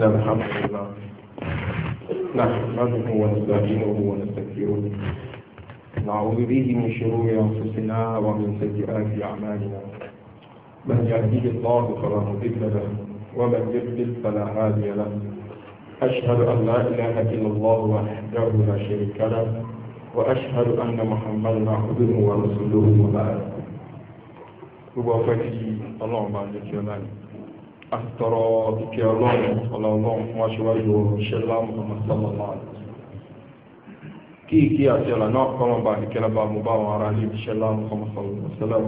إن الحمد لله نحمده ونستعينه ونستغفره نعوذ به من شرور أنفسنا ومن سيئات أعمالنا من يهديه الله فلا مضل له ومن يضلل فلا هادي له أشهد أن لا إله إلا الله وحده لا شريك له وأشهد أن محمدا عبده ورسوله وبعد gbogbo اللهم tí Ọlọ́run àtọ̀rọ̀ ìkẹ́ ọlọ́run ọlọ́run fún aṣíwájú ṣẹlá Muhammad sallallahu alaihi wasallam kí ìkí àti ọ̀là náà kọ́lọ̀mbà ìkẹ́lẹ́bà mú bá àwọn ará ní ṣẹlá Muhammad sallallahu alaihi wasallam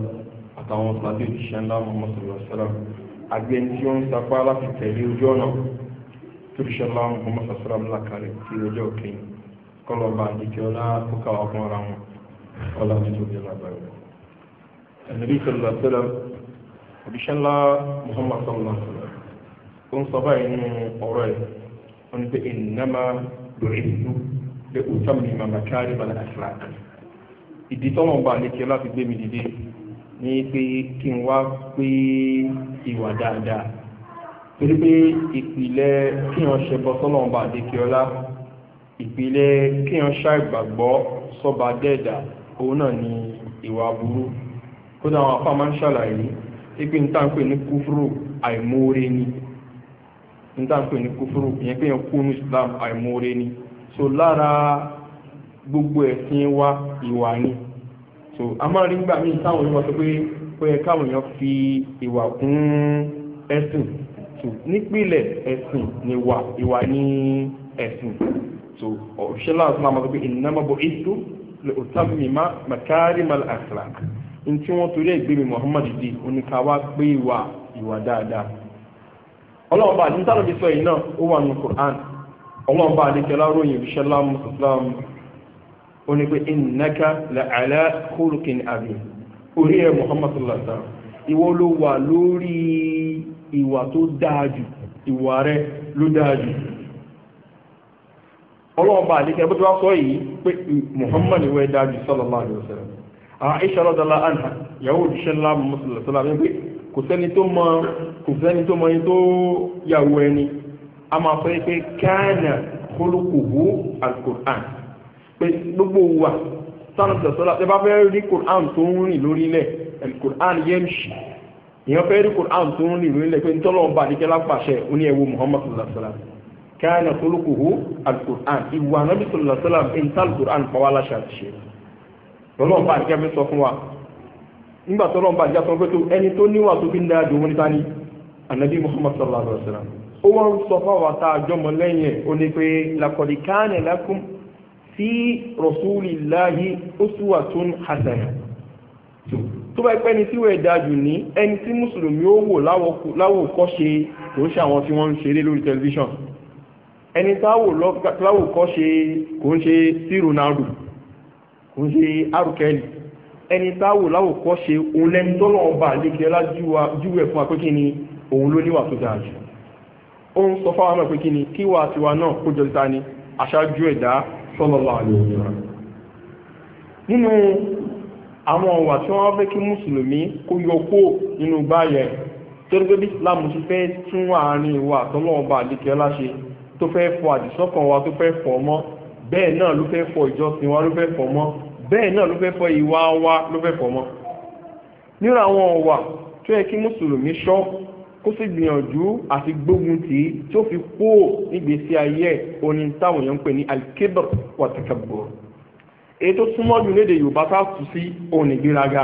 àtàwọn sàdé ṣẹlá Muhammad sallallahu alaihi wasallam àgbẹ̀ tí ó ń sapá láti tẹ̀lé ojú ọ̀nà tó fi ṣẹlá Muhammad sallallahu alaihi wasallam lákàrẹ̀ tí ọjọ́ kẹyìn kọ́lọ̀mbà ìkẹ́lá kó káwà fún ara wọn ọlọ́run tó dé lágbàá òbíṣẹ́ muhammad sallallahu alaihi wa sallam ó ń sọ báyìí nínú ọ̀rọ̀ ẹ̀ wọ́n ní pé ìnáma lórí ìlú lè kó sáà mi màmá kárí balẹ̀ àṣírák ìdí tọ́wọ́n bá lè kí ọ láti gbé mi dìde ní pé kí n wá pé ìwà dáadáa torí pé ìpìlẹ̀ kí n ṣẹbọ sọ́lọ́wọ́n bá lè kí ìpìlẹ̀ kí n ṣàìgbàgbọ́ sọ́ba dẹ́ẹ̀dà òun náà ni ìwà burú kódà àwọn afá máa ń ṣàlàyé ipe n tàn pé ní kúfúrò àìmóore ni n tàn pé ní kúfúrò ìyẹn pé yẹn kú ní islam àìmóore ni so lára gbogbo ẹ̀sìn wa ìwà ni so a máa rí nígbà míì táwọn èèyàn sọ pé ó yẹ káwọn èèyàn fi ìwà kún ẹ̀sìn so nípìnlẹ̀ ẹ̀sìn ni wà ìwà ní ẹ̀sìn so òṣèlú àti máa sọ pé ìnáwó bọ̀ ètò lè ò tábìlì màkàrí má lè ntí wọ́n torí ẹ̀gbẹ́ mi Muhammad di oníkà wá pé ìwà ìwà dáadáa ọlọ́run bá níta ló fi sọ yìí náà ó wà nù Qur'an ọlọ́run bá àdékẹ́ láròyìn ìbíṣẹ́ láàmú islam ó ní pé innaka la ala khuluqin abim orí ẹ̀ Muhammad sallallahu alaihi wasallam ìwọ ló wà lórí ìwà tó dáa jù ìwà rẹ ló dáa jù ọlọ́run bá àdékẹ́ bó ti sọ yìí pé Muhammad wẹ́ẹ́ dáa jù sallallahu alaihi wasallam Aisha radhiyallahu anha ìyàwó òjíṣẹ́ ńlá mùsùlùmí sọlá mi pé kò sẹ́ni tó mọ kò sẹ́ni tó mọ ẹni tó yàwó ẹni a máa sọ pé kana khuluquhu al-Qur'an pé gbogbo wa sanu sọlá ẹ bá fẹ́ rí Qur'an tó ń rìn lórí ilẹ̀ al-Qur'an yamshi ìyẹn fẹ́ rí Qur'an tó ń rìn lórí ilẹ̀ pé ntọ́lọ́ọ̀ba àdìkẹ́lá pàṣẹ oní ẹ̀wọ̀ Muhammadu sallallahu kana khuluquhu al ìwà anábì sallallahu alaihi ń tà al pàwọ́ aláṣà ti ṣe lọ́lọ́run bá àdìgá mi sọ fún wa nígbà tó lọ́run bá àdìgá sọ pé tó ẹni tó níwà tó fi ń dáadò wọn níta ní ànábì muhammad sallallahu alayhi wa sallam ó wọ́n sọ fún àwọn tá a jọmọ lẹ́yìn o ó ní pé laqad kana lakum fi rasulillahi uswatun hasana tó bá pẹ́ ni tí wọ́n ẹ̀dá jù ní ẹni tí mùsùlùmí ó wò láwòkọ́ṣe kò ń ṣe àwọn tí wọ́n ń ṣeré lórí tẹlifíṣàn ẹni táwòkọ́ṣe kò ń ṣe sí Ronaldo kò ń ṣe arúkẹ́lì ẹni táwò láwòkọ́ ṣe òun lẹ́ni tọ́lọ̀ ọba àlékè lájúwẹ̀ fún apẹ́kí ni òun ló níwà tó dáa jù ó ń sọ fáwọn náà pé kí ni kíwà tiwa náà kó jọ ta ni aṣáájú ẹ̀dá sallallahu alaihi wasallam nínú àwọn ọ̀wà tí wọ́n fẹ́ kí mùsùlùmí kó yọ kó nínú báyẹ̀ torí pé ti fẹ́ tún àárín ìwà àtọ́lọ́ọ̀ba àlékè ọlá ṣe tó fẹ́ fọ àdìsọ́kàn wa tó fẹ́ fọ ọmọ bẹ́ẹ̀ náà ló fẹ́ fọ ìjọsìn wa ló fẹ́ fọ mọ́ bẹ́ẹ̀ náà ló fẹ́ fọ ìwà wa ló fẹ́ fọ mọ́ nínú àwọn ọ̀wà tó yẹ kí mùsùlùmí ṣọ́ kó sì gbìyànjú àti gbógun tì í tí ó fi kó nígbèsí ayé oní táwọn èèyàn ń pè ní alkebr wàtàkàbọ̀ èyí tó súnmọ́ jù léde yorùbá tá a tù sí òun ìgbéraga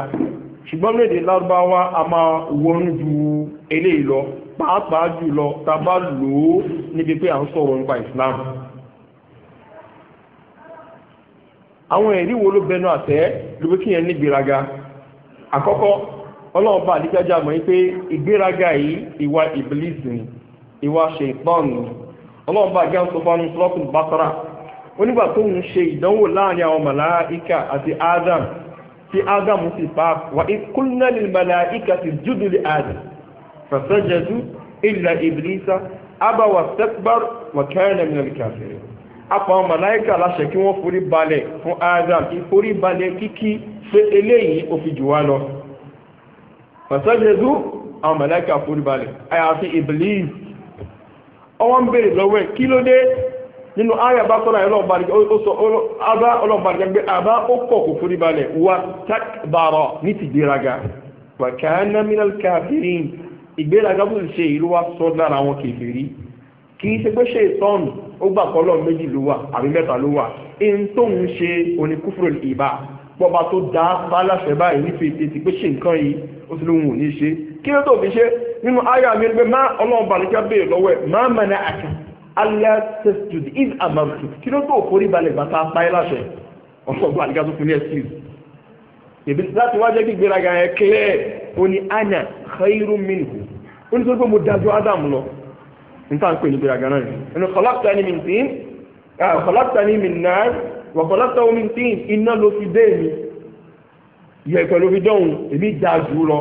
ṣùgbọ́n léde lárúbáwá a máa wọnú ju eléyìí lọ pàápàá jùlọ tá a bá lò ó níbi pé à ń sọ̀rọ̀ nípa ìsìláàmù àwọn ẹ̀rí wo ló bẹnu àtẹ́ ló kí yẹn ní ìgbéraga àkọ́kọ́ ọlọ́run bá àdíjájá mọ̀ yí pé ìgbéraga yìí ìwà ìbílísì ìwà ṣètọ́n ni ọlọ́run bá gán tó bánu sọ́kùn bátara ó nígbà tó ń ṣe ìdánwò láàrin àwọn màláíkà àti Adam tí Adam sì pa wà ìkúnnẹ́lì màláíkà ti júdù lè Adam fàṣẹjẹdú ìlà ìbílísà abawà sẹ́kbàr wà kẹ́rẹ́nà mìíràn apá àwọn màláìkà láṣẹ kí wọ́n forí balẹ̀ fún adam ìforí balẹ̀ kíkí pé eléyìí ó fi jù wá lọ pàṣẹjẹdú àwọn màláìkà forí balẹ̀ àyàfi iblis ọwọ́ ń béèrè lọ́wọ́ ẹ̀ kí ló dé nínú ayé àbá sọ́nà gbé àbá ó kọ̀ kò forí balẹ̀ wà takbara ní ti gbéraga wa kana minal kafirin ìgbéraga bó ṣe ìlú wa sọ lára àwọn kèfèrí kì í ṣe pé ṣe ìtọ́nù ó gbà pé ọlọ́run méjì ló wà àbí mẹ́ta ló wà ihun tó ń ṣe oníkúfúrò ìbá pọba tó dá báláṣẹ báyìí nífi ètí pé ṣe nǹkan yìí ó sì lóhun ò ní ṣe kí ló tó fi ṣe nínú àyà mi pé má ọlọ́run balùwẹ̀ béèrè lọ́wọ́ ẹ̀ má mẹ́nà àkàn alẹ́ tẹ́sítù ìd àmàlùtù kí ló tó forí balẹ̀ bàtà báyìí láṣẹ ọlọ́run balùwẹ̀ tó fún ní excuse èbí láti wájẹ́ gbígbéraga yẹn clear ó ní àná khairu minhu ó ní sọ pé mo dájú Ádámù lọ níta ń pè ní gbéraga náà ẹnu kọlọ́tà ni mi ń tín ah, kọlọ́tà ni mi ń náà wọ kọlọ́tà omi ń tín iná ló fi dé mi yẹ̀pẹ̀ ló fi dọ̀hùn èmi dà jù lọ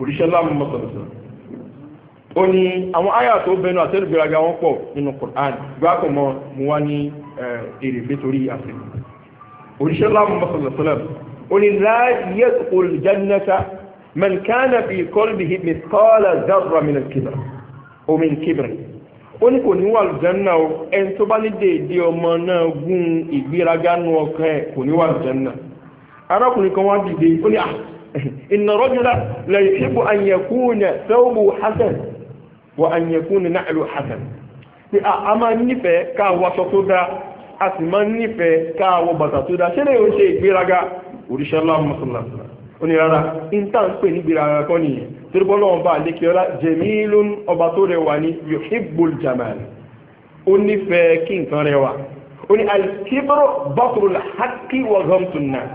òrìṣẹ́ láàmú mọ́tòlùsọ. ó ní àwọn àyà tó bẹnu àtẹ́lù gbéraga wọn pọ̀ nínú Qur'an gbáàkọ̀ mọ́ mo wá ní eh, èrè pé torí àṣẹ òrìṣẹ́ láàmú mọ́tòlùsọ ó olùjẹ́ nẹ́ta من كان في qalbihi mithqala dharra min al-kibr o min kibr ó ní kò ní wà lùjánná o ẹni tó bá ní déédéé ọmọ náà gún ìgbéraga nu ọkàn ẹ kò ní wà lùjánná arákùnrin kan wá dìde ó ní à inna rajula la yuhibbu an yakuna thawbu hasan wa an yakuna na'lu hasan pé a máa nífẹ̀ẹ́ káwọ aṣọ tó dáa a sì máa nífẹ̀ẹ́ káwọ bàtà tó dáa ṣé lè ń ṣe ìgbéraga òrìṣẹ́ láwọn mọ́sálásá onírara níta ń pè níbi rárá kan nìyẹn torí bọ́ lọ́wọ́n bá àlékè ọlá jamilun ọba tó rẹwà ní yuhibbul jamal ó nífẹ̀ẹ́ kí nǹkan rẹwà ó ní alikibro batrul haqqi wa ghamtun nas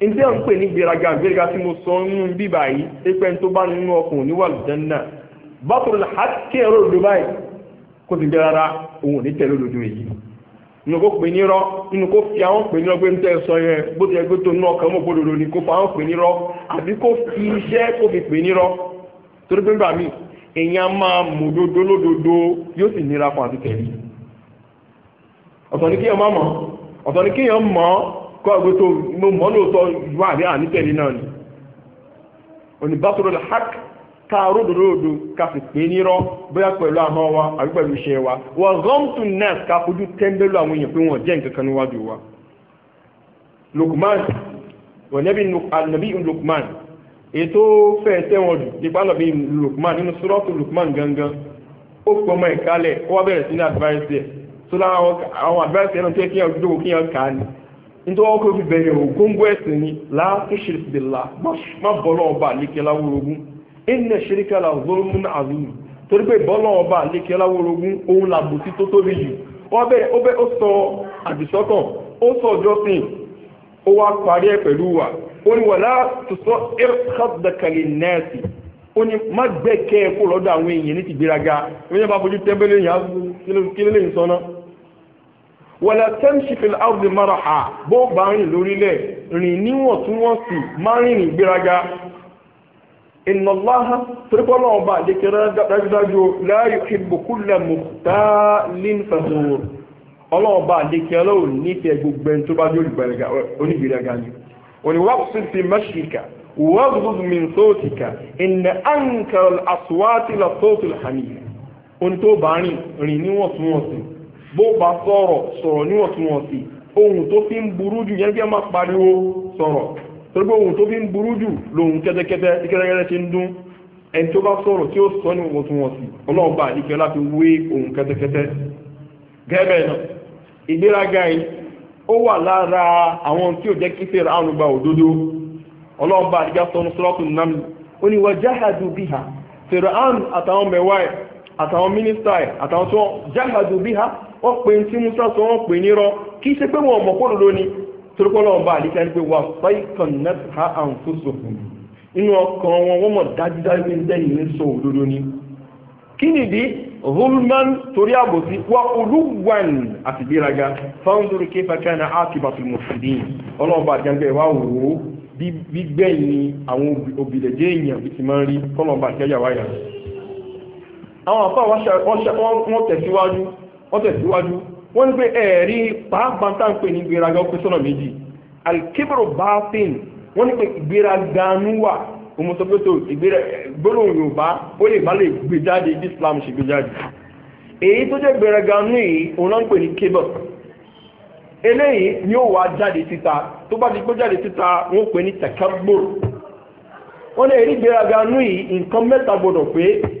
ǹjẹ́ ń pè ní gbéraga gbéraga tí mo sọ nínú bíbà yìí ẹgbẹ́ tó bá nínú ọkùnrin ní wàlùjẹ́nà batrul haqqi ẹ̀rọ òdòdó báyìí kò sì gbé rárá òun ò ní tẹ̀lé òdòdó yìí inú kó pè nírọ́ inú kó fi àwọn pè nírọ́ pé ń tẹ́ sọ yẹn bó ti yẹ pé tó nú ọkàn mọ́ gbódòdó ni kó fa àwọn pè nírọ́ àbí kó fi iṣẹ́ kó fi pè nírọ́ torí pé bàmí èèyàn máa mú dodo lódodo yóò sì nira fún àti tẹ̀lé ọ̀tọ̀ ni kéèyàn má mọ̀ ọ̀tọ̀ ni kéèyàn mọ̀ kọ́ ẹgbẹ́ tó mo mọ̀ lóòótọ́ ìwà àbí àní tẹ̀lé náà ni òní bá sọ̀rọ̀ ká ródòdòdò ká sì pé nírọ́ bóyá pẹ̀lú àmọ́ wa àbí pẹ̀lú iṣẹ́ wa wà gọ́mtù nẹ́ẹ̀s ká fojú tẹ́ńbẹ́lú àwọn èèyàn pé wọ́n jẹ́ nǹkan kan níwájú wa. Lukman wọ̀nẹ́bí ànàbí Lukman ètò fẹ́ tẹ́wọ̀n jù nípa ànàbí Lukman nínú sọ́rọ́tù Lukman gangan ó pọ̀ mọ́ ìkálẹ̀ ó wá bẹ̀rẹ̀ sí ní advice ẹ̀ tó lára advice ẹ̀ náà tẹ́ kí ẹ̀ dúró kí ẹ̀ kà á ni nítorí wọn kò fi bẹ̀rẹ̀ ògóńgó ẹ̀sìn ni láàtúnṣe ìsìlẹ̀ inna shirika la zulmun azim torí pé bọ́lọ̀ ọba àlékè láwòrogún òun làbòsí tó tóbi jù wọ́n bẹ́ẹ̀ ó bẹ́ẹ̀ ó sọ àdìsọ́kàn ó sọ ọjọ́sìn ó wá parí ẹ̀ pẹ̀lú wa ó ní wàlá tòsọ irkadakali nẹ́ẹ̀sì ó ní má gbẹ́kẹ́ kó lọ́dọ̀ àwọn èèyàn ní ti gbéraga ó ní bá fojú tẹ́ńbẹ́lẹ́ yẹn kí lè sọ náà wàlá tẹ́ǹsì fìlà áwùdì mara ha bọ́ọ̀ bá rìn lórílẹ̀ rìn níwọ̀ntúnwọ̀nsì má rìn ní gbéraga ìnàláha torípọ́lọ́ ọba àdékẹ́rẹ́ dájúdájú láàyò ìbùkúlẹ̀ mùtálín fẹ̀hùn ọlọ́ọ̀ba àdékẹ́rẹ́ ò nífẹ̀ẹ́ gbogbo ẹni tó bá jẹ́ onígbèrèga ni òníwákùsí ti mẹ́ṣíkà واغضض من صوتك ان انكر الاصوات لصوت الحمير ohun tó bá rìn rìn níwọ̀ntúnwọ̀nsì bó bá sọ̀rọ̀ sọ̀rọ̀ níwọ̀ntúnwọ̀nsì ohun tó fi ń burú jù yẹn kí máa pariwo sọ̀rọ̀ torí pé ohun tó fi ń burú jù lòun kẹ́tẹ́kẹ́tẹ́ kẹ́tẹ́kẹ́tẹ́ ti ń dún ẹni tó bá sọ̀rọ̀ tí ó sọ ní wọ̀túnwọ̀sì ọlọ́ọ̀bà ìkẹ́ láti wé ohun kẹ́tẹ́kẹ́tẹ́ gẹ́gẹ́ náà ìgbéraga yìí ó wà lára àwọn tí ò jẹ́ kí fèrè àrùn gba òdodo ọlọ́ọ̀bà ìgbà sọnù sọ́ọ̀tún nàmì ó ní wọ́n jáhàdù bíhà fèrè àrùn àtàwọn mẹ́wàá àtàwọn mínísítà àtàwọn tó jáhàdù bíhà wọ́n pè ní tí musa sọ wọ́n pè ní rọ kì í ṣe pé wọn mọ̀ kó torípọ́lọ́ ọba àdíkà ní pé wà fáìkàn náà àwọn tó sọ̀kùn inú ọkàn wọn wọ́n mọ̀ dájúdájú pé ń dẹ́yìn ní sọ òdodo ni kí nìdí zulman torí àbòsí wa olúwan àti gbéraga fáwọndúrú kéfà kánà ákìbàtì mùsùlùmí ọlọ́ọ̀bà àjàngbẹ̀ wà wò ó bí gbẹ̀yìn àwọn òbílẹ̀jẹ́ èèyàn bí ti máa ń wọ́n ní ẹ̀ẹ̀rí pàápàá ń pè ní ìgbéraga ó pé sọ́nà méjì alikébèrò wọ́n ní pé ìgbéraga bá lè gbé jáde bí islam ṣe gbé jáde èyí tó jẹ́ ìgbéraga yìí òun náà ń pè ní eléyìí ni ó wà jáde síta tó bá ti gbé jáde síta wọ́n pè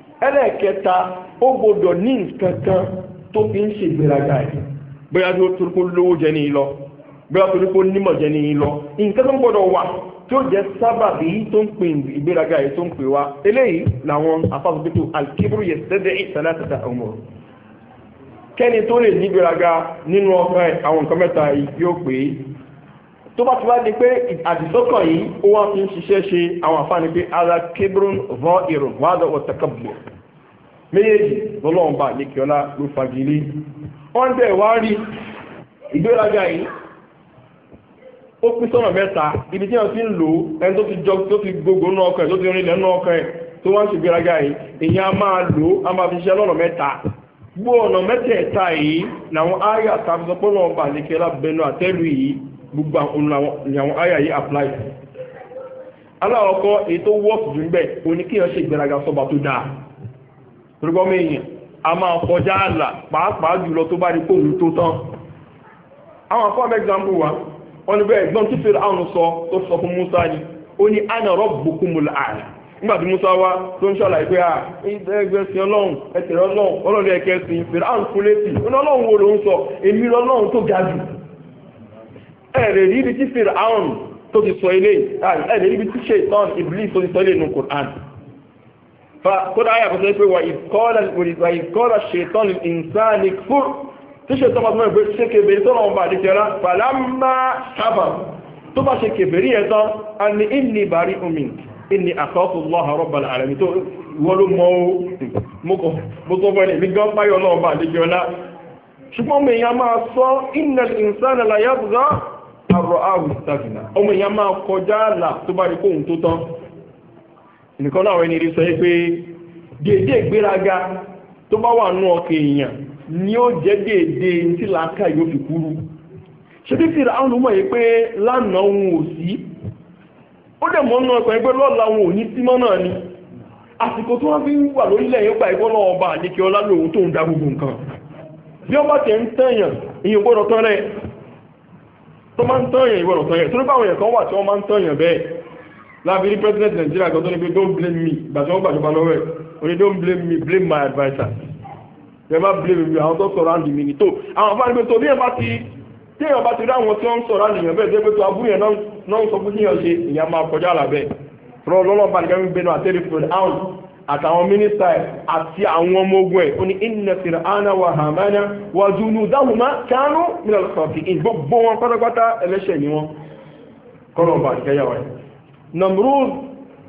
ẹlẹ́ẹ̀kẹta ó gbọdọ̀ ní nǹkan kan tó fi ń ṣe ìgbéraga ẹ̀ bóyá tó torí kó lówó jẹ ní ìlọ bóyá torí kó nímọ̀ jẹ ní ìlọ nǹkan tó ń gbọdọ̀ wà tí ó jẹ́ sábàbí tó ń pè ìgbéraga ẹ̀ tó ń pè wá eléyìí làwọn afáfọ́pẹ́tò alkebru yẹ sẹ́dẹ̀ ìsàlẹ̀ ọmọ kẹ́ni tó lè ní ìgbéraga nínú ọkọ̀ àwọn nǹkan mẹ́ta yìí yóò pè é tó bá ti wá di pé àdìsọ́kàn yìí ó wá fi ń ṣiṣẹ́ ṣe àwọn àfáàní pé ara kébrún vọ́ ìrùn wàdà ọ̀tàkàbùlọ̀ méjèèjì lọ́lọ́run bá ní kíọ́lá ló fagilé wọ́n bẹ̀ wá rí ìgbéraga yìí ó pín sọ́nà mẹ́ta ibi tí wọ́n ti ń lò ẹni tó ti jọ tó ti gbogbo nínú ọkàn ẹ̀ tó ti rin ilẹ̀ nínú ọkàn ẹ̀ tó wá ń ṣe ìgbéraga yìí èèyàn á máa lò á máa fi ṣiṣẹ́ lọ́nà mẹ́ta gbogbo ọ̀nà mẹ́tẹ̀ẹ̀ta yìí làwọn áyà tàbí sọpọ́nà ọba àlékẹ́lá bẹnu àtẹ́lù yìí gbogbo àwọn àyà yìí apply fún aláwọ̀kọ́ ètò work jù níbẹ̀ oníkíyàn ṣe ìgbéraga sọba tó dáa rúgbọ́n mẹ́yìn a máa kọjá àlà pàápàá jùlọ tó bá rí kóòlù tó tán àwọn afọ́m example wa wọ́n ní bẹ́ẹ̀ gbọ́n tó fèrè àwọn sọ tó sọ fún Musa ni ó ní ana rabbukumul a'la nígbà tí Musa wá tó ń ṣàlàyé pé ẹgbẹ́ sin ọlọ́run ẹsẹ̀ ọlọ́run ọlọ́run ẹ̀kẹ́ sin fèrè àwọn kúlẹ́sì ó ní ọlọ́run wo ló ń sọ èmi lọ́lọ́run tó ga jù ẹ̀rẹ̀ rí ibi tí Fir'aun tó ti sọ ilé ẹ̀rẹ̀ rí ibi tí Shaitan Iblis tó ti sọ ilé nù Qur'an fa kódà ayé àkọsílẹ̀ pé wà ìkọ́lá Shaitan ìnsáni fún tí Shaitan máa tún mọ̀ pé ṣé kébèrè tó náà bá àdékẹ́rá fàlámà sábà tó bá ṣe kébèrè yẹn tán a ní inni bari omi inni akhafu Allah rabbal alamin tó wọ́n mọ́ ó mọ́kọ́ fẹ́lẹ̀ mi gán báyọ̀ náà bá àdékẹ́rá ṣùgbọ́n mi yàn máa sọ innal insana la arọ àrùn a ọmọ èèyàn máa kọjá àlà tó bá rí kóhun tó tán nìkan náà ẹni rí sọ pé dédé ìgbéraga tó bá wà nú èèyàn ni ó jẹ́ dédé tí làákà yóò fi kúrú ṣé pé lánàá òun ò sí ó dẹ̀ mọ́ lọ́la òun ò ní náà ni àsìkò lórílẹ̀ yóò gba ọba àdékè ọlá lòun tó ń da gbogbo nǹkan bí ọba tẹ̀ ń tó máa ń tọ́yàn ìwọ̀n ọ̀tọ́ yẹn tó bá àwọn èèyàn kan wà tí wọ́n máa ń tọ́yàn bẹ́ẹ̀ láàbírí president Nigeria kan ní pé don't blame me ìgbà tí wọ́n gbàjọba lọ́wọ́ ẹ̀ don't blame me blame my adviser ẹ blame me àwọn tó sọ̀rọ̀ àǹdí mi ni tó àwọn afárí pé tó bí ẹ bá ti tí èèyàn bá ti rí àwọn tí wọ́n ń sọ̀rọ̀ àǹdí yẹn bẹ́ẹ̀ dé pé tó abúlé yẹn náà ń sọ fún yíyan ṣe ìyá kọjá àlàbẹ̀ rọ lọ́lọ́ba àtàwọn mínísítà ẹ̀ àti àwọn ọmọ ogun ẹ̀ ó ní inna fir'ana wa hamana wa junudahuma kanu min al-khati'in gbogbo wọn pátápátá ẹlẹ́ṣẹ̀ ni wọn kọ́nà ọba àdìkẹ́yà wa Namrud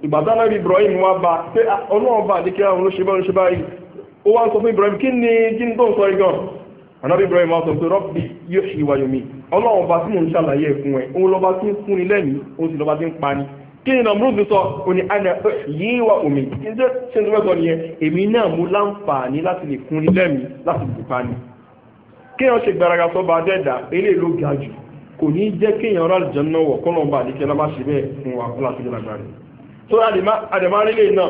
ìgbàdánà Ibrahim wa bá pé ọlọ́ọ̀ba àdìkẹ́yà wọn ló ṣe báyìí ló ṣe báyìí ó wá ń sọ fún Ibrahim kí ni kí ni tó ń sọ igan anabi Ibrahim wa sọ pé Rabbi yuhyi wa yumi ọlọ́ọ̀ba tí mò ń ṣàlàyé ẹ̀kún ẹ̀ òun lọ́ba tí ń fúnni lẹ́yìn ó sì lọ́ba tí ń pani kí ni nàmúrúdù sọ òní àná yìí wà omi ṣé ṣé ń sọ nìyẹn èmi náà mú láǹfààní láti lè kún ilé mi láti lè pa ni kéèyàn ṣe gbaraga sọba adẹ́dà eléyìí ló ga jù kò ní jẹ́ kéèyàn rà lùjẹ́ náà wọ̀ kọ́nà ọba àdìkẹ́ lọ́ba ṣe bẹ́ẹ̀ fún wa kọ́lá tó lágbára rẹ̀ so àdèmá nílé náà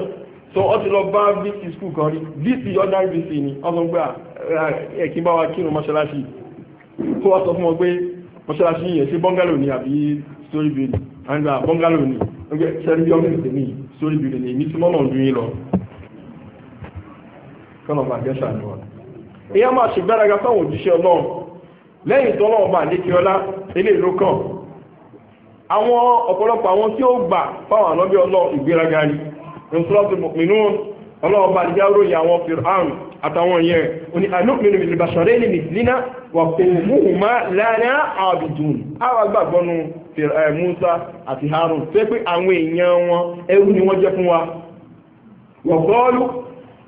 so ọ ti lọ bá vc school kan rí vc ordinary vc ni ọ sọ pé ah, eh, ẹ̀kí bá wa kírun mọ́ṣáláṣí kó wa sọ fún wọn pé mọ́ṣáláṣí yẹn ṣe bọ́ngálò ni àbí story building and bọ́ngálò ah, ni ọjọ́ sẹ́rí yọ́ mẹ́rin tèmi sórí ibi rẹ̀ èmi tí mọ́nà ń dún yín lọ kọ́nà bá gẹ́sà ni wọn. ìyá máa ṣe gbẹ́raga fáwọn òjíṣẹ́ ọlọ́run lẹ́yìn tó ọlọ́run bá àlékè ọlá ilé ìlú kan àwọn ọ̀pọ̀lọpọ̀ àwọn tí ó gbà fáwọn ànábì ọlọ́run ìgbéraga ni nṣọ́lá tó mọ̀pínú ọlọ́run bá àlékè àtàwọn yẹn o ní anúkùnrin ìlú basọ̀rẹ́ ní nìlínà wà kò múhùmá lánà àbìdùn àwọn gbàgbọ́ nu eh, Musa àti Harun tó pé àwọn èèyàn wọn ẹrú ni wọ́n jẹ́ fún wa wà gọ́ọ̀lù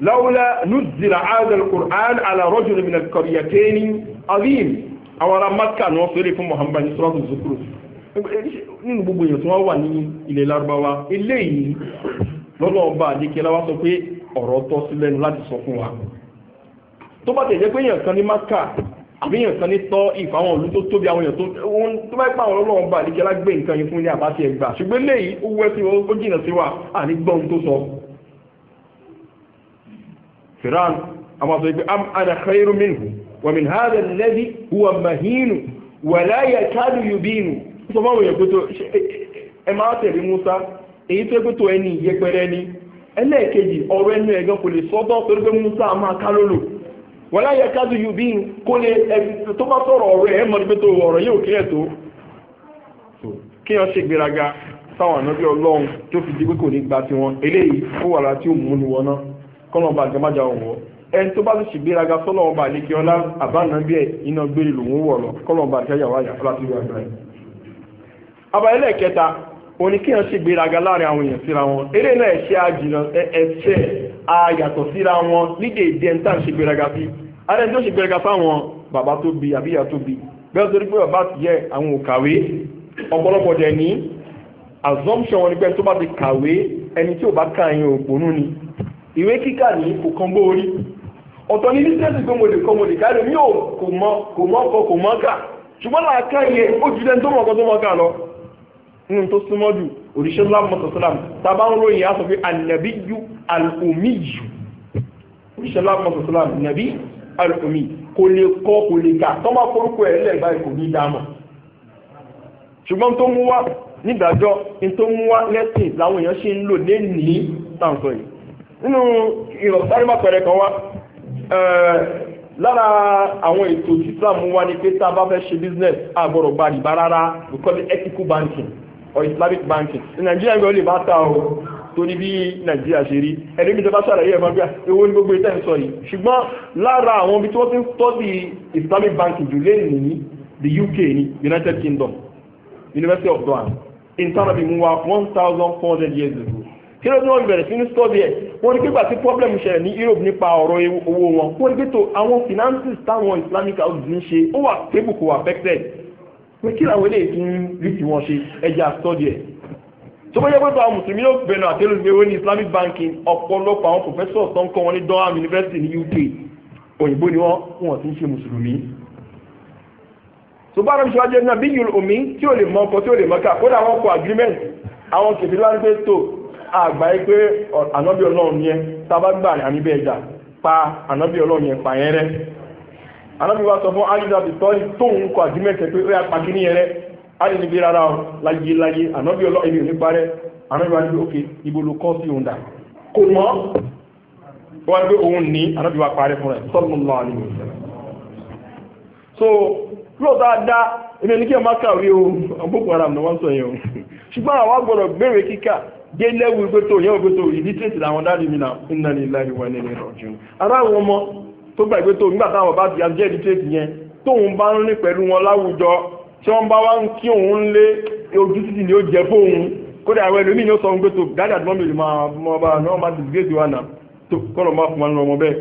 láwùlá nùzìlà àdàl Qur'an àlà rọ́jùlù min al ni ọ̀rọ̀ tọ́ láti sọ fún wa tó bá tẹ̀jẹ́ pé èèyàn kan ní maka àbí èèyàn kan ní tọ́ ìfà àwọn òlú tó tóbi àwọn èèyàn tó tó bá pa àwọn ọlọ́run bá àdíjẹ́ lágbé nǹkan yìí fún ní àbá ti ṣùgbọ́n léyìí ó wẹ́ sí ó jìnà sí wa àní gbọ́ ohun tó sọ. firan àwọn àti ìgbẹ́ am ana khairu minhu wa min hadha alladhi huwa mahinu wa la yakadu sọ fún àwọn èèyàn pé tó ẹ máa tẹ̀lé Musa èyí tó pé tó ẹni wọ́n láyé káàdù yìí bí kó lè tó bá sọ̀rọ̀ ọ̀rọ̀ ẹ̀ mọ̀ nípa tó ọ̀rọ̀ yóò kílẹ̀ tó kí wọ́n ṣe gbéraga sáwọn ànábí ọlọ́run tó fi di pé kò ní gba tiwọn eléyìí ó wà láti ó mú ni wọn náà kọ́nà ọba àgbàmájà ọ̀wọ́ ẹni eh, tó bá ti ṣe gbéraga sọ́lọ́ ọba àlekí ọlá àbánábí ẹ̀ iná gbére lòún wọ̀ lọ kọ́nà ààrẹ tí ó sì gbẹ̀rẹ̀gà fáwọn bàbá tó bí àbíyà tó bí bẹ́ẹ̀ torí pé bàbá ti yẹ àwọn òkàwé ọ̀pọ̀lọpọ̀ dẹ̀ ní assumption wọn ni pé tó bá ti kàwé ẹni tí ò bá ka ẹ̀yìn òpònú ni ìwé kíkà ní kò kan bó orí ọ̀tọ̀ ní bísíǹsì pé mo lè kọ́ mo lè ká lómi ò kò mọ kò mọ ọkọ kò mọ kà ṣùgbọ́n làákà yẹn ó ju dẹni tó mọ ọkọ tó mọ kà lọ nínú tó súnmọ́ jù òrìṣẹ́ lámọ̀sọ̀sọ́làm tàbá ń ròyìn aṣọ pé ànàbí ju àlùmí jù òrìṣẹ́ lámọ̀sọ̀sọ́làm nàbí alùpùpù kò lè kọ́ kò lè kà tọ́ bá forúkọ ẹ̀ lẹ́gbàá kò ní dáàmọ̀ ṣùgbọ́n tó mú wá nídàájọ́ ní tó mú wá lẹ́sìn làwọn èèyàn ṣe ń lò lénìí tàǹsọ̀ yìí nínú ìrọ̀sárìmọ̀ pẹ̀rẹ̀ kan wá lára àwọn ètò Islam wá ní pé tá a bá fẹ́ ṣe business a gbọ́dọ̀ gba rìbá rárá we call it ethical banking or Islamic banking ní Nàìjíríà ń bẹ ó lè bá ta o torí bí nàìjíríà ṣe rí ẹni bí tẹ́lá ṣàlàyé ẹ̀fọn bí ewó ní gbogbo ìtẹ́ ń sọ yìí ṣùgbọ́n lára àwọn ibi tí wọ́n ti ń tọ́jú islamic banking jù ní the uk ní united kingdom university of durham internal bí mu wa one thousand four hundred years ago kí ló ní wọ́n bẹ̀rẹ̀ sí ní stọ́ọ̀dì ẹ̀ wọ́n ní pípa sí problem ṣẹlẹ̀ ní europe nípa ọ̀rọ̀ owó wọn wọ́n ní pẹ̀tọ̀ àwọn finances táwọn islamic houses ń ṣe ó wà stable kò affected pé kí làwọn eléyìí tún rí tí wọ́n ṣe ẹja stọ́ọ̀dì ẹ̀ tó bá yẹ pé àwọn mùsùlùmí yóò bẹnu àtẹlù gbé wọn ní islamic banking ọ̀pọ̀lọpọ̀ àwọn professors tó ń kọ́ wọn ní Durham University ní UK òyìnbó ni wọ́n wọ́n ti ń ṣe mùsùlùmí. tó bá rẹ̀ ṣíwájú náà bí yìí omi tí ò lè mọ ọkọ tí ò lè mọ ká kódà wọ́n kọ agreement àwọn kèfì láńpẹ́ tó àgbáyé pé ànábì ọlọ́run yẹn tábà gbà àmì bẹ́ẹ̀ jà pa ànábì ọlọ́run yẹn pààyàn rẹ̀ ànábì wa sọ fún alida bitọ́ni tóun kọ agreement pé ó yà pa yẹn rẹ̀ àrí níbi rárá o láyé láyé ọlọ́ èmi ò ní parẹ́ ànábì wa ní pé ókè ibo sí òun dà kò mọ́ wọ́n ní òun ní ànábì wa parẹ́ fún rẹ̀ sallallahu alaihi wasallam so lóòótọ́ adá èmi ò ní kí ẹ má kàwé o Boko Haram ni wọ́n sọ yẹn o ṣùgbọ́n àwa gbọ́dọ̀ gbèrè kíkà dé lẹ́wù ìgbétò yẹn ògbétò ìdítèsì làwọn dáàdì mi náà inna lillahi wa inna ilaihi raji'un tí wọ́n bá wá ń kí òun lé ojú títì ni ó jẹ fóun kódà àwọn ẹlòmíì ni ó sọ fún pé tó dáadáa tí wọ́n lè máa mọ ọba àná ọba ti gbé sí wa nà tó kọ́nà máa fún wa nínú ọmọ bẹ́ẹ̀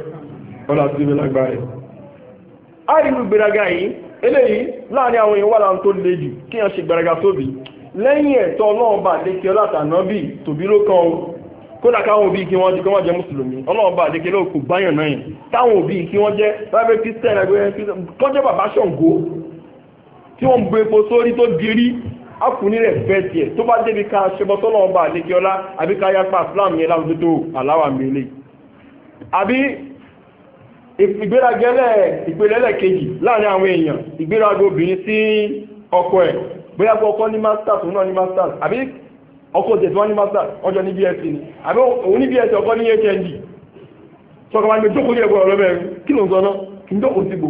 ọ̀là àti ìbí lágbára rẹ̀. àìrú gbèrágà yìí eléyìí láàrin àwọn èèyàn wà láwọn tó le jù kí wọ́n ṣe gbèrágà tóbi lẹ́yìn ẹ̀tọ́ ọlọ́ọ̀bà lékè ọlátànábì tí wọ́n bu epo sórí tó dirí akùnrin rẹ̀ fẹ́ tiẹ̀ tó bá débi ká aṣọ́bọ tó lọ́wọ́ bá àlékè ọlá àbí ká yapa islam yẹn láwùjọ tó aláwà mẹ́lẹ̀ àbí ìgbéragẹ́lẹ̀ ìgbélẹ́lẹ̀ kejì láàrin àwọn èèyàn ìgbéraga obìnrin sí ọkọ ẹ̀ bóyá pé ọkọ ní masters òun náà ní masters àbí ọkọ òjẹ̀ tí wọ́n ní masters ọjọ́ ní bsc ni àbí òun ní bsc ọkọ ní hnd sọkọ̀ máa ń gbé jókòó ní ẹ̀gbọ́n ọ̀rọ̀ mẹ́rin kí ló ń sọ náà kí ń jókòó sígbò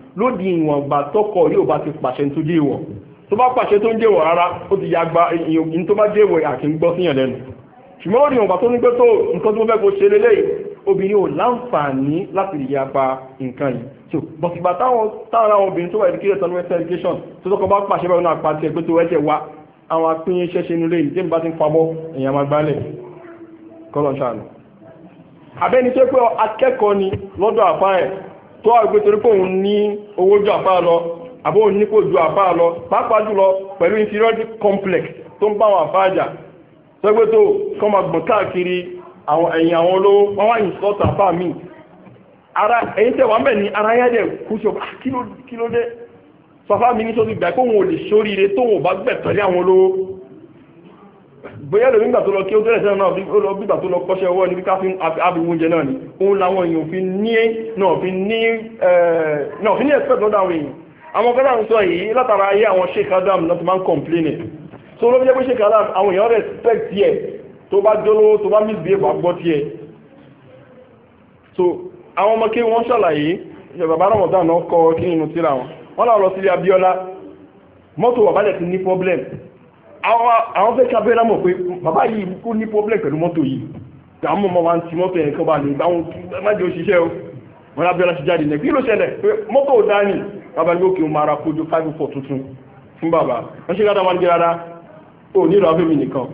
lódi ìwọ̀n gbà tọkọ yóò bá ti pàṣẹ tó jẹ́ ìwọ̀ tó bá pàṣẹ tó ń jẹ́ ìwọ̀ rárá ó ti ya gba ìyìn tó bá jẹ́ ìwọ̀ àti ń gbọ́ síyàn lẹ́nu ṣùgbọ́n lódi ìwọ̀n gbà tó ní pé tó nǹkan tó fẹ́ kó ṣe lélẹ́yìí obìnrin ò láǹfààní láti lè yapa nǹkan yìí so bọ̀sìgbà táwọn táwọn àwọn obìnrin tó wà education tọ́nu ẹ̀sẹ̀ education tó tọkọ bá pàṣẹ báyìí náà pàṣẹ pé tó ẹ̀jẹ̀ wa àwọn apínyẹ ṣẹṣẹ nílé yìí tí n bá ti ń fabọ́ èèyàn máa gbálẹ̀ kọ́lọ̀ ṣàánú. abẹ́ni tó pé akẹ́kọ̀ọ́ ni lọ́dọ̀ àfáà tó àgbé torí pé òun ní owó ju àbá lọ àbó òun nípò ju àbá lọ pàápàá jùlọ pẹ̀lú inferiority complex tó ń bá àwọn àbá àjà sẹ́gbẹ́ tó kọ́ máa gbọ̀n káàkiri àwọn ẹ̀yìn àwọn olówó wọ́n wá insult àbá mi ara ẹ̀yìn tẹ̀ wá mẹ́ ní ara yá dẹ̀ kú sọ ah, kí ló dé sọfá mi ní sọ́dún ìgbà pé òun ò lè sóríire tóun ò bá gbẹ̀tọ̀ lé àwọn olówó bóyá lómi gbà tó lọ kí ó tẹ́lẹ̀ sẹ́yìn náà bígbà tó lọ kọ́ṣẹ́ ọwọ́ níbi ká fi ábí oúnjẹ náà ni òun làwọn èèyàn fi ní náà fi ní náà fi ní expect lọ́dọ̀ àwọn èèyàn àwọn kọ́dà ń sọ yìí látara ayé àwọn sheikh adam náà ti máa ń complain so ló fi jẹ́ pé sheikh adam àwọn èèyàn respect tiẹ̀ tó bá jóló tó bá misbehave àgbọ́ tiẹ̀ so àwọn ọmọ kí wọ́n ṣàlàyé bàbá ramadan náà kọ́ kí nínú tíra wọn wọ́n làwọn lọ sílé abiola problem àwọn fẹ́ sábẹ́ lámọ̀ pé bàbá yìí kò ní problem pẹ̀lú mọ́tò yìí àwọn ọmọ wa ń ti mọ́tò yẹn kọ́ bá lè gbà wọn má jẹ́ òṣìṣẹ́ o wọn lábẹ́ ọlá ti jáde nẹ̀ kí ló ṣẹlẹ̀ pé mọ́tò ò dání bàbá ní òkè mara kojú five oh four tuntun fún bàbá wọ́n ṣe dáadáa wọn ní rárá o ní ìlú afẹ́mi nìkan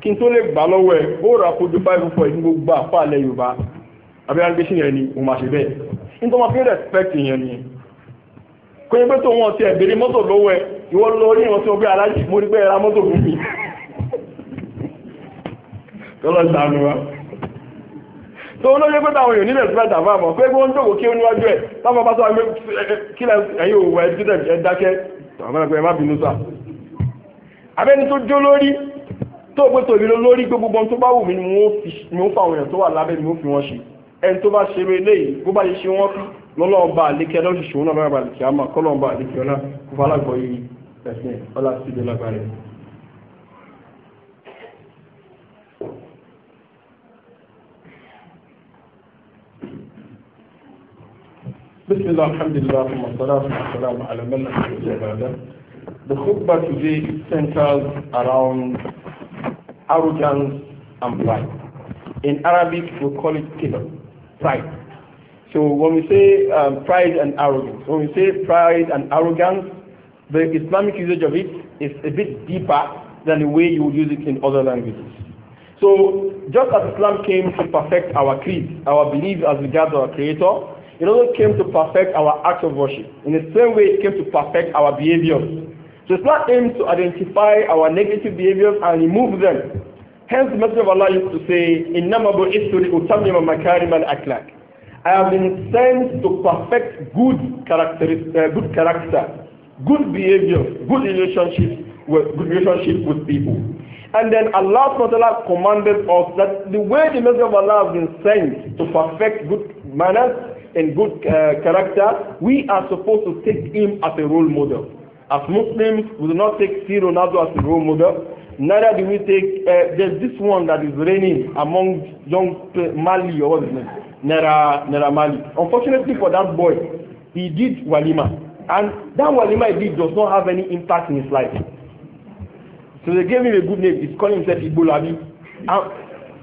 kí n tó lè gbà lọ́wọ́ ẹ̀ ó ra kojú five oh four ní gbogbo àpá alẹ́ Yorùbá abẹ́rẹ́ gbé sínú ẹ̀ ni òun máa tó wọn ti ẹ̀ bèrè mọ́tò lọ́wọ́ ẹ̀ ìwọ lọ rí ìrántí ọgbẹ́ aláàjì mo rí pé ẹra mọ́tò fún mi tọ́lọ́ sànù wa tó olóyè pé táwọn èèyàn nílẹ̀ sí láti àbá àmọ́ pé wọ́n ń dòwò kí ó níwájú ẹ̀ táwọn bá sọ́wọ́ kílẹ̀ ẹ̀yìn òwò ẹ̀ dídẹ̀ ẹ̀ dákẹ́ àwọn ẹgbẹ́ má bínú sá abẹ́ni tó jó lórí tó o pé tòbí lórí gbogbo tó bá wù mí ni wọ́n fa àwọn èèyàn tó wà lábẹ́ mi ó fi wọ́n ṣe ẹni tó bá ṣe eré eléyìí bó bá ṣe ṣe wọ́n fi lọ́lọ́ọ̀ba àlékẹ́ lọ́sùn ṣòwò náà bá àlékẹ́ àmà kọ́lọ́ọ̀ba àlékẹ́ ọ̀la kó fa alágbọ̀ọ́ yìí ẹ̀sìn ọlá síbi lágbára بسم الله الحمد لله والصلاة والسلام على من لا The khutbah today centers around arrogance and pride. In Arabic, we call it kibr, pride. So when we say um, pride and arrogance, when we say pride and arrogance, the Islamic usage of it is a bit deeper than the way you would use it in other languages. So just as Islam came to perfect our creed, our belief as regards our Creator, it also came to perfect our act of worship. In the same way it came to perfect our behaviors. So Islam aims to identify our negative behaviors and remove them. Hence the Messenger of Allah used to say, إِنَّمَا بُعِثْتُ makarim al الْأَخْلَاقِ I have been sent to perfect good, character, uh, good character good behavior, good relationship, with, good relationship with people. And then Allah SWT commanded us that the way the message of Allah has been sent to perfect good manners and good uh, character, we are supposed to take him as a role model. As Muslims, we do not take C. Ronaldo as a role model. Neither do we take, uh, there's this one that is reigning among young uh, Mali or what is it? Nera, Nera Mali. Unfortunately for that boy, he did Walima. And that walima he did does not have any impact in his life. So they gave him a good name. He's calling himself Igbolabi. And,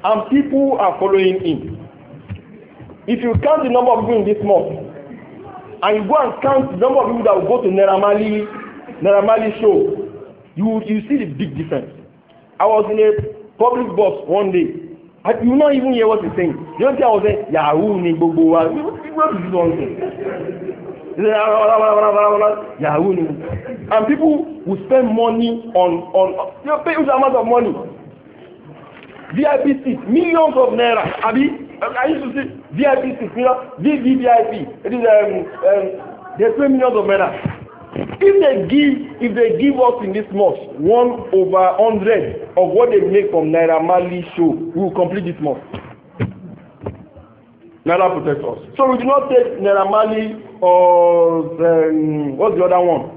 and people are following him. If you count the number of people in this month, and you go and count the number of people that will go to Naramali, Naramali show, you you see the big difference. I was in a public bus one day. I, you not even hear what he's saying. The only thing I was saying, Yahoo ni gbogbo wa. What is this one thing? yahoo ni and people will spend money on on you pay huge amount of money vip seat millions of naira abi i used to see vip seat you know vvvip it is um, um, they pay millions of naira if they give if they give us in this month one over hundred of what they make from naira Mali show we will complete this month Naira protect us. So we do not take Naira Marley or um, what's the other one?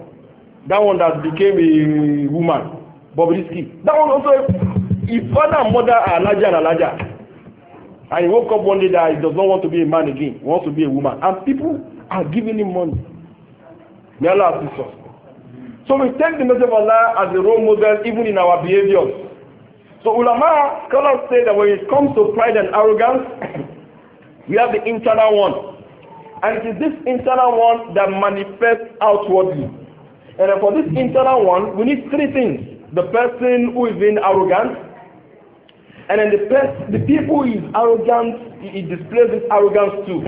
That one that became a woman, Bobrisky. That one also, his father and mother are larger and larger. And he woke up one day that he does not want to be a man again. He wants to be a woman. And people are giving him money. May Allah assist us. So we take the message of Allah as a role model even in our behaviors. So ulama scholars say that when it comes to pride and arrogance, We have the internal one. And it is this internal one that manifests outwardly. And for this internal one, we need three things. The person who is being arrogant, and then the, pers- the people who is arrogant, he displays this arrogance too.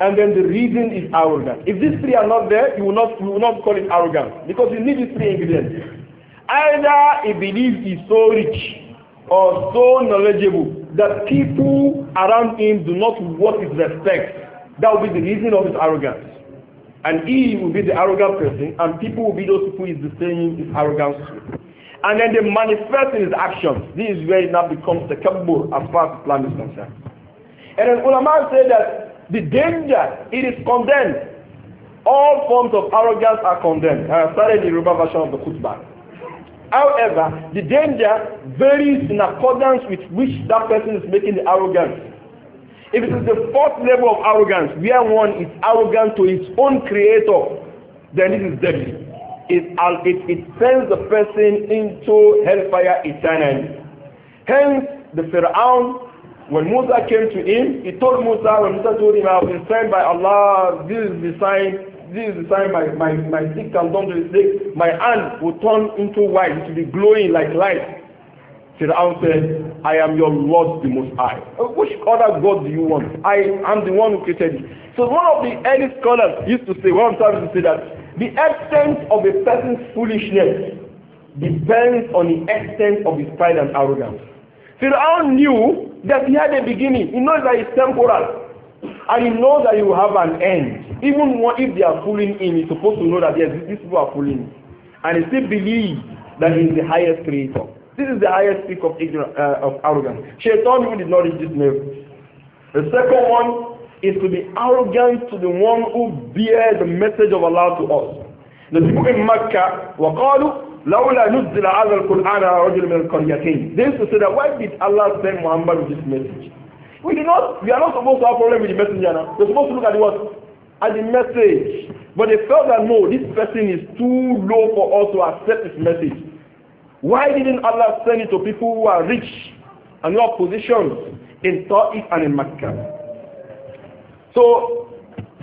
And then the reason is arrogance. If these three are not there, you will not, you will not call it arrogance because you need these three ingredients. Either he believes he's so rich or so knowledgeable that people around him do not worth his respect, that will be the reason of his arrogance. And he will be the arrogant person, and people will be those people is displaying his arrogance to. And then they manifest in his actions. This is where it now becomes the kabur as far as Islam is concerned. And then ulama say that the danger, it is condemned. All forms of arrogance are condemned. I started the Yoruba version of the khutbah. However, the danger varies in accordance with which that person is making the arrogance. If it is the fourth level of arrogance, where one is arrogant to his own creator, then it is deadly. It, it, it sends the person into hellfire eternally. Hence, the Pharaoh, when Musa came to him, he told Musa, when Musa told him, I have been sent by Allah, this is the sign, this is the time my my my stick and turn to a my hand will turn into white it will be glowing like light Firaun said, I am your Lord the Most High. Uh, which other God do you want? I am the one who created you. So one of the early scholars used to say, one time he said that the extent of a person's foolishness depends on the extent of his pride and arrogance. Firaun knew that he had a beginning. He knows that it's temporal. And he knows that he will have an end even one if they are fooling in, he's supposed to know that yes these people are fooling and he still believe that he is the highest creator this is the highest peak of ignorance uh, of arrogance shaitan even did not reach this level the second one is to be arrogant to the one who bears the message of Allah to us the people in Mecca called لولا نزل هذا القرآن على رجل من القريتين they used to say that why did Allah send Muhammad with this message we do not we are not supposed to have problem with the messenger now we supposed to look at what at the message, but they felt that no, this person is too low for us to accept his message. Why didn't Allah send it to people who are rich and who have positions in Ta'if and in Mecca? So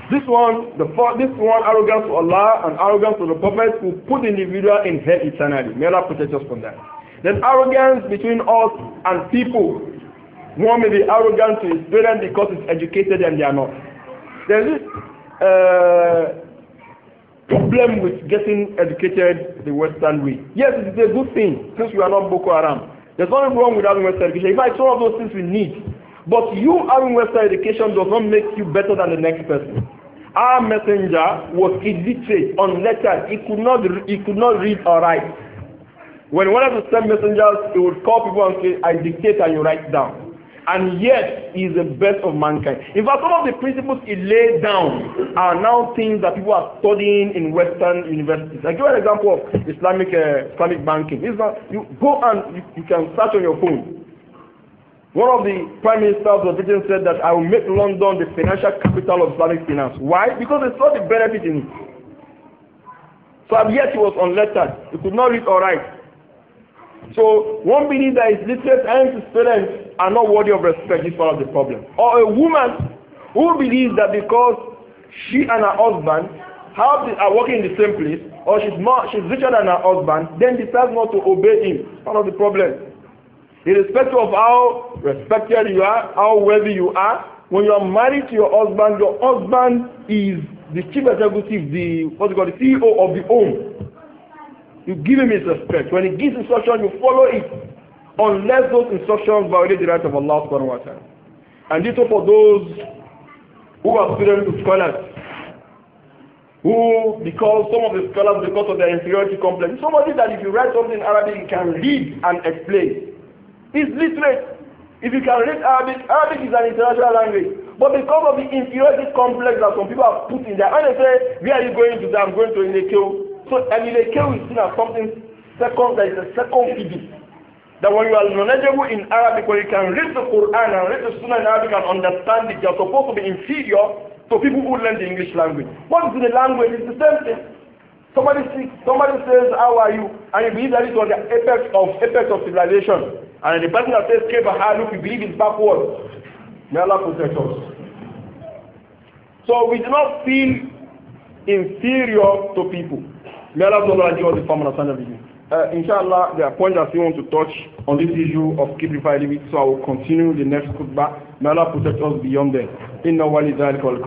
this one, the this one, arrogance to Allah and arrogance to the Prophet will put the individual in hell eternally. May Allah protect us from that. Then arrogance between us and people. One may be arrogant to his parents because he's educated and they are not. There's this Uh, problem with getting educated the Western way. Yes, it is a good thing since we are not Boko Haram. There's nothing wrong with having Western education. In fact, it's one of those things we need. But you having Western education does not make you better than the next person. Our messenger was illiterate, unlettered. He could not, he could not read or write. When one of the same messengers, he would call people and say, I dictate and you write down and yet he is the best of mankind. In fact, some of the principles he laid down are now things that people are studying in Western universities. I give an example of Islamic uh, Islamic banking. Is Islam, you go and you, you can search on your phone. One of the prime ministers of Britain said that I will make London the financial capital of Islamic finance. Why? Because they saw the benefit in it. So yet he was unlettered. He could not read or write. So one believes that his literate and his parents are not worthy of respect is part of the problem. Or a woman who believes that because she and her husband have the, are working in the same place, or she's more she's richer than her husband, then decides not to obey him. Part of the problem. Irrespective of how respected you are, how wealthy you are, when you are married to your husband, your husband is the chief executive, the what's it called, the CEO of the home. You give him his respect. When he gives instruction, you follow it unless those instructions violate the rights of Allah subhanahu wa ta'ala. And this is for those who are students of scholars, who, because some of the scholars, because of their inferiority complex, somebody that if you write something in Arabic, you can read and explain. It's literate. If you can read Arabic, Arabic is an international language. But because of the inferiority complex that some people have put in there, when they say, where are you going to? I'm going to Inekeu. So an Inekeu is seen as something second, that is a second figure that when you are knowledgeable in Arabic, when you can read the Quran and read the Sunnah in Arabic and understand it, you're supposed to be inferior to people who learn the English language. What is the language? is the same thing. Somebody sees, somebody says, "How are you?" and you believe that it was the apex of apex of civilization. And the person that says "Keba look," you believe is backward. May Allah protect us. So we do not feel inferior to people. May Allah do not give us the form and understanding of Uh, inshallah, there are points I still want to touch on this issue of keeping fire limits, so I will continue the next khutbah. May Allah protect us beyond them. Inna wali dhalik wal